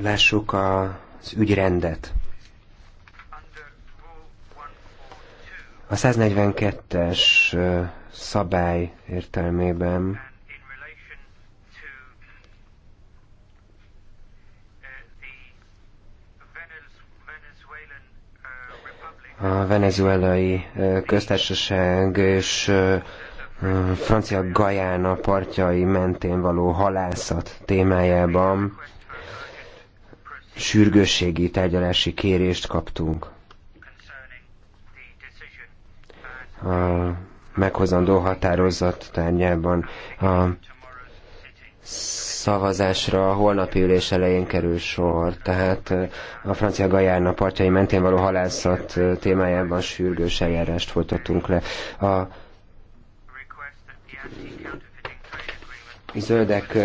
Lássuk az ügyrendet. A 142-es szabály értelmében a venezuelai köztársaság és francia Gajána partjai mentén való halászat témájában sürgősségi tárgyalási kérést kaptunk. A meghozandó határozat tárgyában a szavazásra a holnapi ülés elején kerül sor, tehát a francia Gajárna partjai mentén való halászat témájában sürgős eljárást folytatunk le. A zöldek